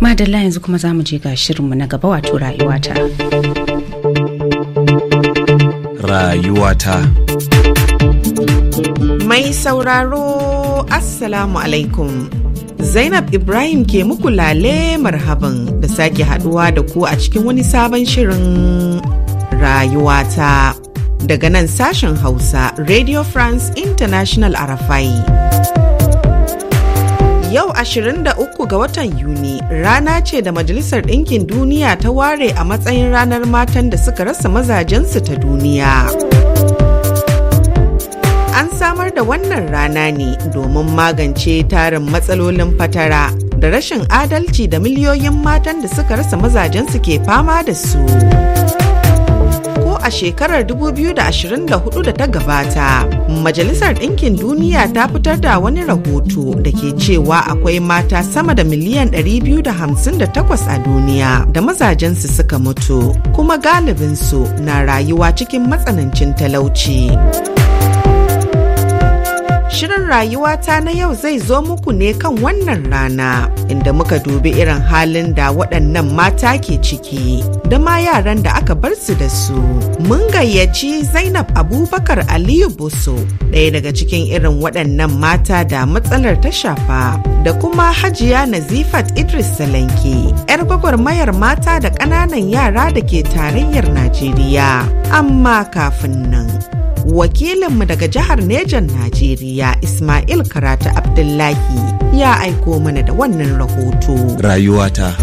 madalla yanzu kuma za mu je ga shirinmu na gaba wato rayuwata rayuwata mai sauraro assalamu alaikum Zainab Ibrahim ke muku lale marhaban da sake haduwa da ku a cikin wani sabon shirin rayuwata daga nan sashen Hausa Radio France International Arafai. Yau 23 ga watan Yuni rana ce da Majalisar Ɗinkin Duniya ta ware a matsayin ranar matan da suka rasa mazajensu ta duniya. An samar da wannan rana ne domin magance tarin matsalolin fatara da rashin adalci da miliyoyin matan da suka rasa mazajensu ke fama da su. a shekarar 2024 da ta gabata. Majalisar Ɗinkin Duniya ta fitar da wani rahoto da ke cewa akwai mata sama da miliyan 258 a duniya da mazajensu suka mutu, kuma galibinsu na rayuwa cikin matsanancin talauci. Shirin rayuwata na yau zai zo muku ne kan wannan rana inda muka dubi irin halin da waɗannan mata ke ciki da ma yaran da aka bar su da su. Mun gayyaci Zainab Abubakar Aliyu Boso ɗaya daga cikin irin waɗannan mata da matsalar ta shafa da kuma Hajiya Nazifat Idris Salanke 'yar gwagwarmayar mata da ƙananan yara da ke tarayyar Najeriya. Amma kafin nan. wakilinmu daga jihar Nejan Najeriya Ismail Karata Abdullahi ya aiko mana da wannan rahoto. Rayuwata.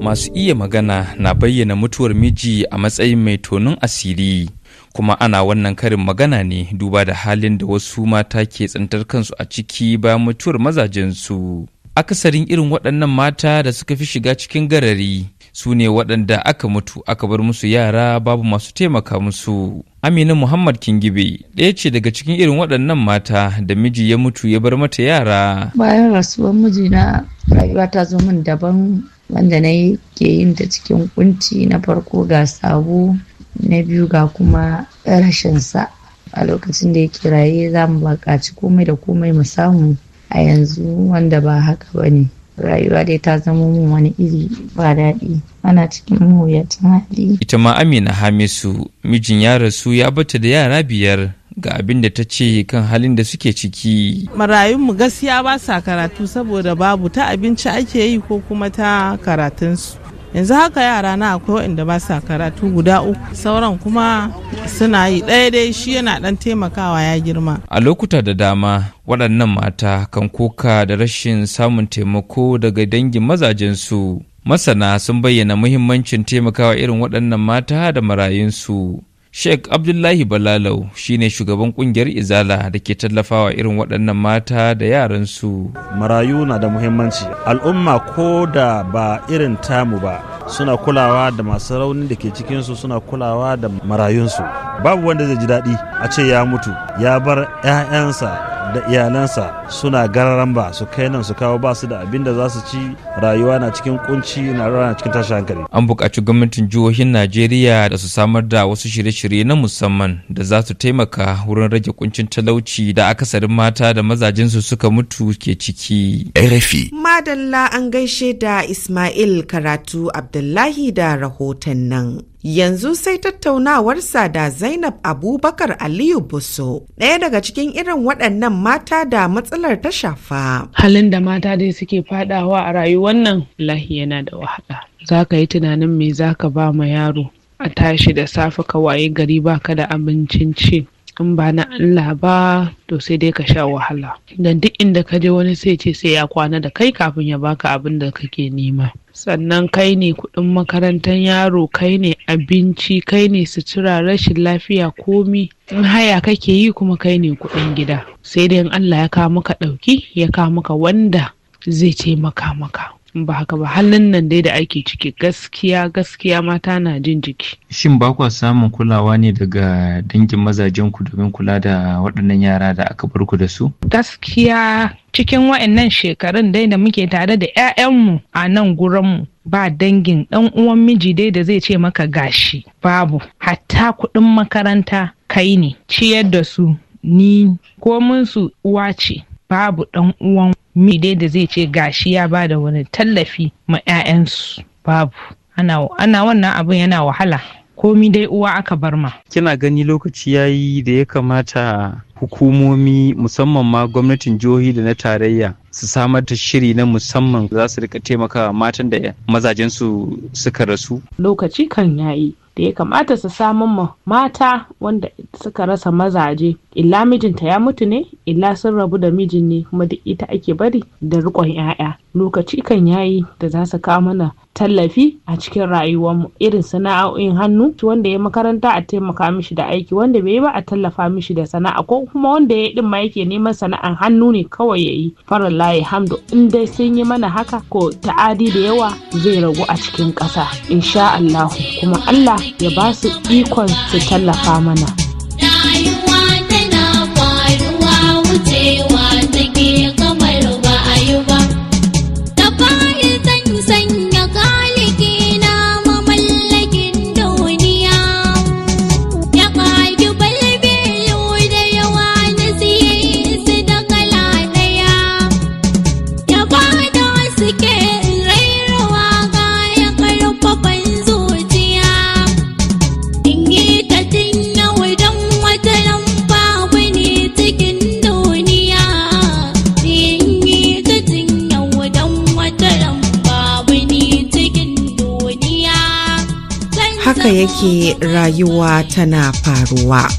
Masu iya magana na bayyana mutuwar miji a matsayin mai tonon asiri. kuma ana wannan karin magana ne duba da halin da wasu mata ke tsantar kansu a ciki bayan mutuwar mazajensu akasarin irin waɗannan mata da suka fi shiga cikin garari su ne waɗanda aka mutu aka bar musu yara babu masu taimaka musu amina muhammad kingibe ɗaya ce daga cikin irin waɗannan mata da miji ya mutu ya bar mata yara bayan rasuwar mijina rayuwa ta zo min daban wanda na ke yin ta cikin kunci na farko ga sabo na biyu ga kuma rashin sa a lokacin da yake raye za mu bakaci komai da komai mu samu a yanzu wanda ba haka ba ne rayuwa dai ta zama mun wani iri ba daɗi ana cikin mawuyacin hali. ita ma amina hamisu mijin ya rasu ya bata da yara biyar ga abin da ta ce kan halin da suke ciki. Marayunmu gaskiya ba sa karatu saboda babu ta abinci ake yi ko kuma ta karatunsu. yanzu haka yara na akwai waɗanda ba sa karatu guda uku sauran kuma suna yi ɗaya dai shi yana ɗan taimakawa ya girma a lokuta da dama waɗannan mata kan koka da rashin samun taimako daga dangin mazajensu masana sun bayyana muhimmancin taimakawa irin waɗannan mata da marayunsu Sheikh Abdullahi Balalau shine shugaban kungiyar Izala da ke tallafawa irin waɗannan mata da yaran su Marayu na da muhimmanci. Al'umma ko da ba irin tamu ba suna kulawa da masu raunin da ke cikinsu suna kulawa da marayunsu. Babu wanda zai ji daɗi a ce ya mutu ya bar 'ya'yansa da iyalansa suna gararan ba su kai nan su kawo ba su da abin da za su ci rayuwa na cikin kunci na rana cikin tashin hankali an buƙaci gwamnatin jihohin najeriya da su samar da wasu shirye-shirye na musamman da za su taimaka wurin rage kuncin talauci da akasarin mata da su suka mutu ke ciki rfi madalla an gaishe da ismail karatu abdullahi da rahoton nan Yanzu sai tattaunawarsa da Zainab Abubakar Aliyu Buso, ɗaya daga cikin irin waɗannan mata da matsalar ta shafa. Halin da mata dai suke fadawa a rayuwar nan lahi yana da wahala. Za ka yi tunanin me za ka ba ma yaro a tashi da safe ka waye gari ba ka da abincin ci. in ba na Allah ba to sai dai ka sha wahala dan duk inda ka je wani sai ce sai ya kwana da kai kafin ya baka abin da kake nema sannan kai ne kudin makarantar yaro kai ne abinci kai ne sutura rashin lafiya komi in haya kake yi kuma kai ne kudin gida sai dai in allah ya kawo maka ɗauki ya kawo maka wanda zai taimaka maka ba haka ba halin nan dai da ake ciki gaskiya gaskiya mata na jin jiki shin ba samun kulawa ne daga dangin mazajen ku domin kula da waɗannan yara da aka bar ku da su gaskiya cikin wa'annan shekarun dai da muke tare da 'ya'yanmu a nan gurinmu ba dangin ɗan uwan miji dai da zai ce maka gashi babu hatta kuɗin makaranta kai ne ciyar da su ni ko su uwa ce babu ɗan uwan mi dai da zai ce gashi ya ba da wani tallafi ma 'ya'yansu babu ana wannan abin yana wahala komi dai uwa aka bar ma kina gani lokaci yayi da ya kamata hukumomi musamman ma gwamnatin jihohi da na tarayya su samar da shiri na musamman za su rika taimaka matan da mazajensu suka rasu. Lokaci kan yayi da ya kamata su samun mata wanda suka rasa mazaje illa mijinta ya mutu ne illa sun rabu da mijin ne kuma duk ita ake bari da rikon 'ya'ya lokaci kan yayi da za su kawo mana tallafi a cikin rayuwarmu irin sana'o'in hannu wanda ya makaranta a taimaka mishi da aiki wanda bai yi ba a tallafa mishi da sana'a ko kuma wanda ya din ma yake neman sana'an hannu ne kawai ya yi farin layi hamdu in dai sun yi mana haka ko ta'adi da yawa zai ragu a cikin ƙasa insha Allah kuma Allah ya ba su ikon su tallafa mana. haka yake rayuwa tana faruwa.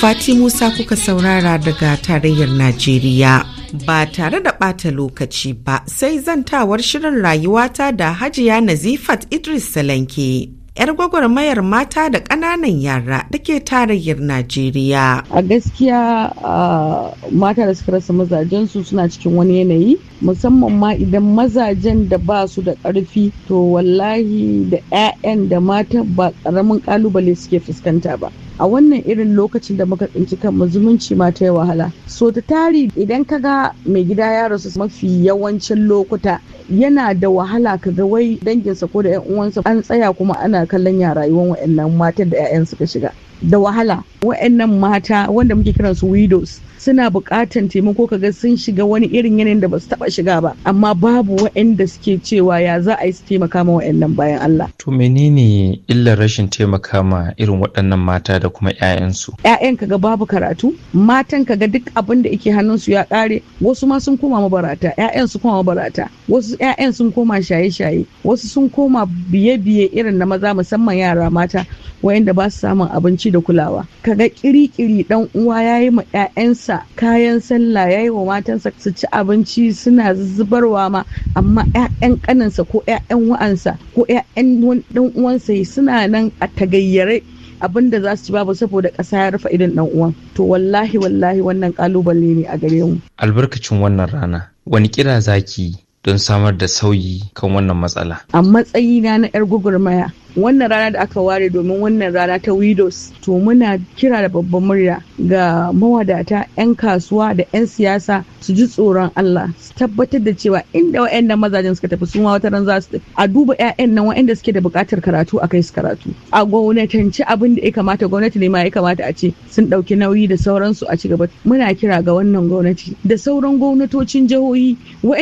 Fati Musa kuka saurara daga tarayyar Najeriya. Ba tare da ɓata lokaci ba sai zantawar shirin rayuwata da Hajiya Nazifat Idris Salanke. 'yar gwagwarmayar mata da ƙananan yara da ke tarayyar Najeriya. A gaskiya mata da suka rasa mazajen su suna cikin wani yanayi musamman ma idan mazajen da ba su da ƙarfi to wallahi da 'ya'yan da mata ba ƙaramin ƙalubale suke fuskanta ba. a wannan irin lokacin da muka tsinci mu zumunci ma ta yi wahala so ta tari idan ka ga mai gida ya rasu mafi yawancin lokuta yana da wahala ka ga wai danginsa ko da 'yan uwansa an tsaya kuma ana kallon ya rayuwar waɗannan matan da 'ya'yan suka shiga da wahala wa'annan mata wanda muke kiran su widows suna bukatan taimako kaga sun shiga wani irin yanayin da ba su taɓa shiga ba amma babu wa'anda suke cewa ya za a yi su taimaka ma wa'annan bayan Allah. To menene illar rashin taimaka ma irin waɗannan mata da kuma 'ya'yansu? 'Ya'yan kaga babu karatu, matan kaga duk abin da yake su ya kare? wasu ma sun koma mabarata, 'ya'yan su koma mabarata, wasu 'ya'yan sun koma shaye-shaye, wasu sun koma biye-biye irin na maza musamman yara mata, wayanda ba su samun abinci da kulawa kaga kirikiri dan uwa yayi ma ƴaƴansa kayan sallah yayi wa matansa su ci abinci suna zubarwa ma amma ƴaƴan kanansa ko ƴaƴan wa'ansa ko ƴaƴan dan uwansa suna nan a tagayyare abin da za su ci babu saboda ƙasa ya rufe idan dan uwan to wallahi wallahi wannan kalubale ne a gare mu albarkacin wannan rana wani kira zaki don samar da sauyi kan wannan matsala a matsayina na yar gugurmaya wannan rana da aka ware domin wannan rana ta widows to muna kira da babban murya ga mawadata 'yan kasuwa da 'yan siyasa su ji tsoron Allah su tabbatar da cewa inda wa'annan mazajen suka tafi suma wata ran za su a duba 'ya'yan nan da suke da buƙatar karatu a kai su karatu a gwamnatanci abin da ya kamata gwamnati ne ma ya kamata a ce sun ɗauki nauyi da sauransu a ci gaba muna kira ga wannan gwamnati da sauran gwamnatocin jihohi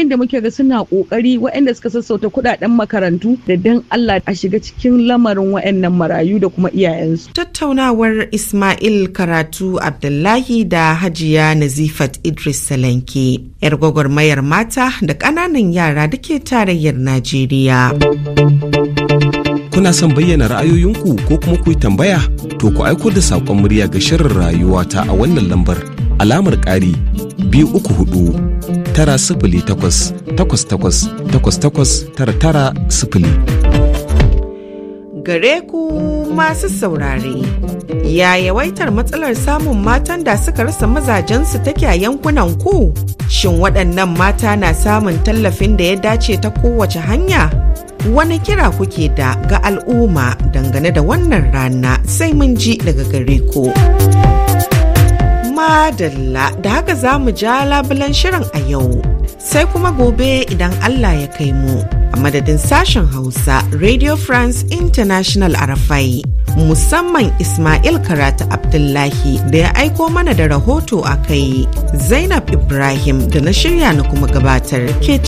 da muke ga suna ƙoƙari da suka sassauta kuɗaɗen makarantu da dan Allah a shiga cikin lamarin waɗannan marayu da kuma iyayensu. Tattaunawar Ismail Karatu Abdullahi da Hajiya Nazifat Idris Salanke, 'yar gwagwarmayar mata da ƙananan yara da ke tarayyar Najeriya. Kuna son bayyana ra'ayoyinku ko kuma ku tambaya? To ku aiko da saƙon murya ga shirin rayuwa ta a wannan lambar alamar ƙari biyu uku hudu tara sifili takwas takwas takwas takwas takwas tara tara sifili. gare ku masu saurare. Ya yawaitar matsalar samun matan da suka rasa mazajensu take a yankunan ku? Shin waɗannan mata na samun tallafin da ya dace ta kowace hanya? Wani kira kuke da ga al'umma dangane da wannan rana sai mun ji daga gare ku. Madalla da haka za mu ja labulan shirin a yau, sai kuma gobe idan Allah ya kai mu. a madadin sashen Hausa Radio France International Arafai. Musamman Ismail Karatu Abdullahi da ya aiko mana da rahoto a kai Zainab Ibrahim da na shirya na kuma gabatar ke